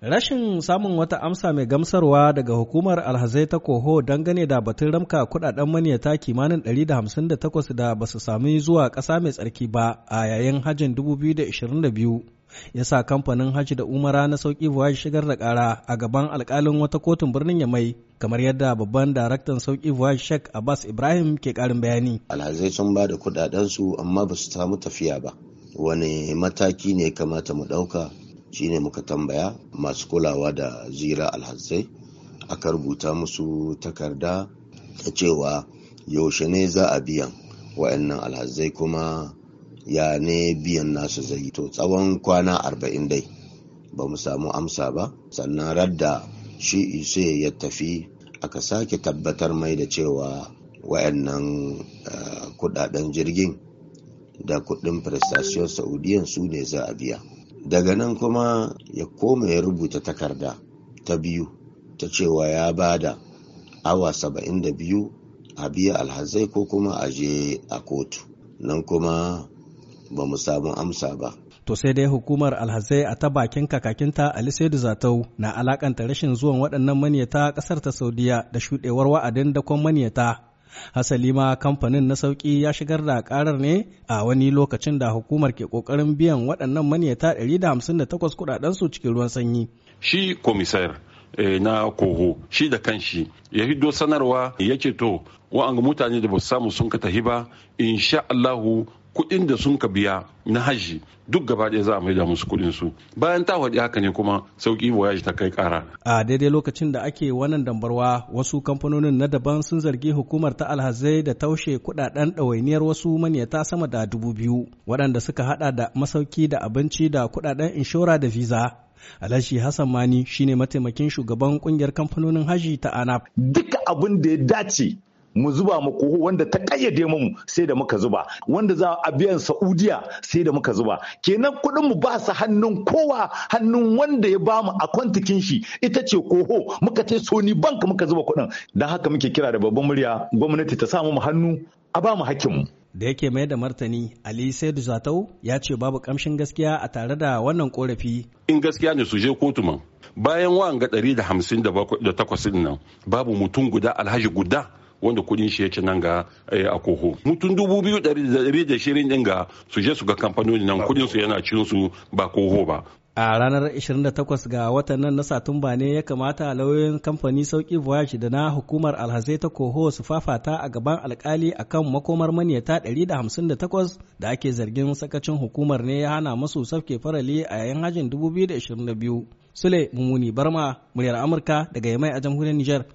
Rashin samun wata amsa mai gamsarwa daga hukumar alhazai ta koho dangane da batun ramka kudaden manyata kimanin 158 da ba su sami zuwa ƙasa mai tsarki ba a yayin hajjin 2022 ya sa kamfanin hajji da umara na sauki voyage shigar da ƙara a gaban alkalin wata kotun birnin yamai kamar yadda babban daraktan sauki voyage sheikh abbas ibrahim ke ƙarin bayani alhazai sun ba da kudaden su amma ba su samu tafiya ba wani mataki ne kamata mu ɗauka shine muka tambaya masu kulawa da zira Alhazai aka rubuta musu takarda ta cewa yaushe ne za a biyan wa'annan Alhazai kuma ya ne biyan nasu zai to tsawon kwana arba'in dai ba mu samu amsa ba sannan radda shi ise ya tafi aka sake tabbatar mai da cewa wa'annan eh, kudaden jirgin da kudin prestation saudiyan su ne za a biya daga nan kuma ya koma ya rubuta takarda ta biyu ta cewa ya ba da awa saba'in da biyu a biya alhazai ko kuma a je a kotu nan kuma ba mu samu amsa ba to sai dai hukumar alhazai a ta bakin kakakinta ali saidu zatau na alakanta rashin zuwan waɗannan manyata ƙasar ta saudiya da shuɗewar wa'adin dakon manyata Hasali ma kamfanin na sauki ya shigar da karar ne a wani lokacin da hukumar ke kokarin biyan waɗannan manyata 158 kudaden su cikin ruwan sanyi. Shi komisar eh, na koho shi da kanshi ya hiddo sanarwa yake to wa'anga mutane da ba samu sun ka tahi ba insha Allahu kuɗin da sun ka biya na hajji duk gaba ɗaya za a maida musu kuɗin su bayan ta waɗi haka ne kuma sauƙi voyage ta kai ƙara. a daidai lokacin da ake wannan dambarwa wasu kamfanonin na daban sun zargi hukumar ta alhazai da taushe kuɗaɗen ɗawainiyar wasu manyata sama da dubu biyu waɗanda suka haɗa da masauki da abinci da kuɗaɗen inshora da visa Alhaji Hassan Mani shine mataimakin shugaban kungiyar kamfanonin haji ta ANAP. Duka abin da ya dace mu zuba ma koho wanda ta kayyade mu sai da muka zuba wanda za a biyan Saudiya sai da muka zuba kenan kuɗin mu ba su hannun kowa hannun wanda ya bamu a kwantikin shi ita ce koho muka ce Sony Bank muka zuba kuɗin dan haka muke kira da babban murya gwamnati ta samu mu hannu a ba mu hakkin mu da yake mai da martani ali saidu zatau ya ce babu kamshin gaskiya a tare da wannan korafi in gaskiya ne su je kotu man bayan wa'anga 158 din nan babu mutum guda alhaji guda wanda kudin shi ya ci nan ga eh, a koho mutum dubu biyu ɗari da shirin ɗin ga su je su ga kamfanoni nan kudin su yana cin su ba koho ba a ranar 28 ga watan nan na satumba ne ya kamata lauyoyin kamfani sauki voyage da na hukumar alhazai ta koho su fafata a gaban alkali akan makomar maniyata 158 da ake zargin sakacin hukumar ne ya hana masu safke farali a yayin hajjin 2022 sule mummuni barma muryar amurka daga yamai a jamhuriyar niger